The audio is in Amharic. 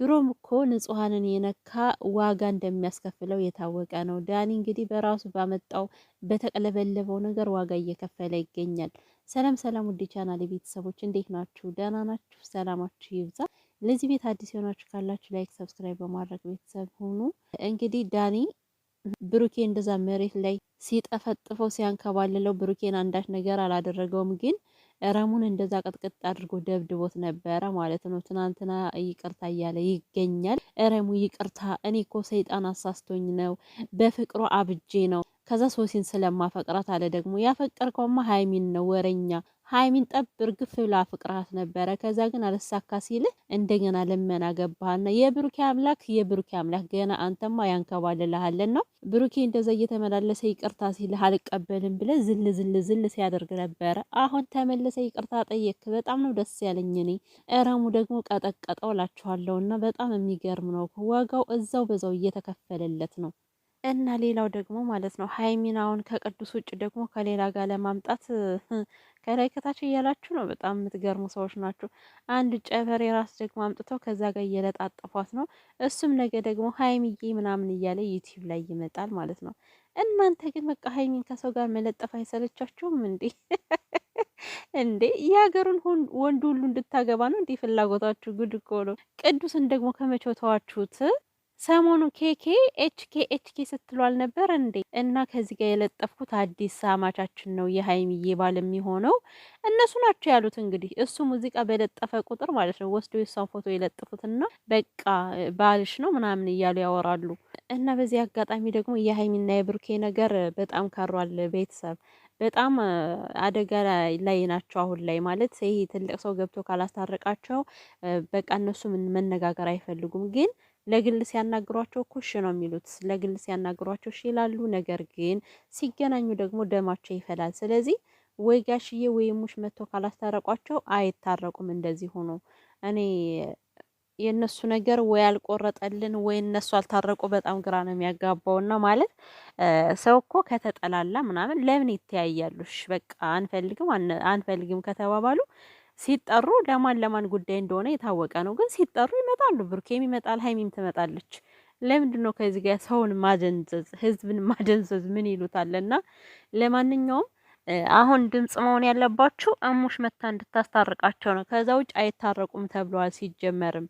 ድሮም እኮ ንጹሐንን የነካ ዋጋ እንደሚያስከፍለው የታወቀ ነው። ዳኒ እንግዲህ በራሱ ባመጣው በተቀለበለበው ነገር ዋጋ እየከፈለ ይገኛል። ሰላም ሰላም፣ ውድ ቻናል ቤተሰቦች እንዴት ናችሁ? ደህና ናችሁ? ሰላማችሁ ይብዛ። ለዚህ ቤት አዲስ የሆናችሁ ካላችሁ ላይክ፣ ሰብስክራይብ በማድረግ ቤተሰብ ሆኑ። እንግዲህ ዳኒ ብሩኬ እንደዛ መሬት ላይ ሲጠፈጥፈው ሲያንከባልለው ብሩኬን አንዳች ነገር አላደረገውም ግን ረሙን እንደዛ ቅጥቅጥ አድርጎ ደብድቦት ነበረ ማለት ነው። ትናንትና ይቅርታ እያለ ይገኛል። ረሙ ይቅርታ፣ እኔ እኮ ሰይጣን አሳስቶኝ ነው፣ በፍቅሩ አብጄ ነው። ከዛ ሶሲን ስለማፈቅራት አለ ደግሞ ያፈቀርከውማ ሀይሚን ነው ወረኛ ሀይሚን ጠብ እርግፍ ብላ ፍቅራት ነበረ። ከዛ ግን አልሳካ ሲልህ እንደገና ልመና ገባህና የብሩኬ አምላክ የብሩኬ አምላክ ገና አንተማ ያንከባልልሃለን ነው። ብሩኬ እንደዛ እየተመላለሰ ይቅርታ ሲልህ አልቀበልም ብለ ዝል ዝል ዝል ሲያደርግ ነበረ። አሁን ተመለሰ ይቅርታ ጠየክ። በጣም ነው ደስ ያለኝ እኔ። እረሙ ደግሞ ቀጠቀጠው ላችኋለሁና በጣም የሚገርም ነው። ዋጋው እዛው በዛው እየተከፈለለት ነው። እና ሌላው ደግሞ ማለት ነው ሀይሚን አሁን ከቅዱስ ውጭ ደግሞ ከሌላ ጋር ለማምጣት ከላይ ከታች እያላችሁ ነው። በጣም የምትገርሙ ሰዎች ናችሁ። አንድ ጨፈሬ የራስ ደግሞ አምጥተው ከዛ ጋር እየለጣጠፏት ነው። እሱም ነገ ደግሞ ሀይሚዬ ምናምን እያለ ዩቲዩብ ላይ ይመጣል ማለት ነው። እናንተ ግን በቃ ሀይሚን ከሰው ጋር መለጠፍ አይሰለቻችሁም እንዴ? እንዴ የሀገሩን ወንድ ሁሉ እንድታገባ ነው እንዲህ ፍላጎታችሁ? ጉድ እኮ ነው። ቅዱስን ደግሞ ከመቼው ተዋችሁት? ሰሞኑ ኬኬ ኤችኬ ኤችኬ ስትሏል ነበር እንዴ? እና ከዚህ ጋር የለጠፍኩት አዲስ ሳማቻችን ነው የሀይሚዬ ባል የሚሆነው እነሱ ናቸው ያሉት። እንግዲህ እሱ ሙዚቃ በለጠፈ ቁጥር ማለት ነው ወስዶ የሷን ፎቶ የለጠፉትና በቃ ባልሽ ነው ምናምን እያሉ ያወራሉ። እና በዚህ አጋጣሚ ደግሞ የሀይሚና የብሩኬ ነገር በጣም ካሯል ቤተሰብ በጣም አደጋ ላይ ናቸው አሁን ላይ ማለት ይሄ ትልቅ ሰው ገብቶ ካላስታረቃቸው በቃ እነሱ መነጋገር አይፈልጉም ግን ለግል ሲያናግሯቸው እኮ እሺ ነው የሚሉት። ለግል ሲያናግሯቸው እሺ ይላሉ። ነገር ግን ሲገናኙ ደግሞ ደማቸው ይፈላል። ስለዚህ ወይ ጋሽዬ ወይ ሙሽ መጥቶ ካላስታረቋቸው አይታረቁም። እንደዚህ ሆኖ እኔ የእነሱ ነገር ወይ አልቆረጠልን ወይ እነሱ አልታረቁ። በጣም ግራ ነው የሚያጋባው። እና ማለት ሰው እኮ ከተጠላላ ምናምን ለምን ይተያያሉሽ? በቃ አንፈልግም አንፈልግም ከተባባሉ ሲጠሩ ለማን ለማን ጉዳይ እንደሆነ የታወቀ ነው። ግን ሲጠሩ ይመጣሉ። ብሩኬም ይመጣል፣ ሀይሚም ትመጣለች። ለምንድን ነው ከዚህ ጋር ሰውን ማደንዘዝ፣ ህዝብን ማደንዘዝ ምን ይሉታል? እና ለማንኛውም አሁን ድምጽ መሆን ያለባችሁ እሙሽ መታ እንድታስታርቃቸው ነው። ከዛ ውጭ አይታረቁም ተብለዋል ሲጀመርም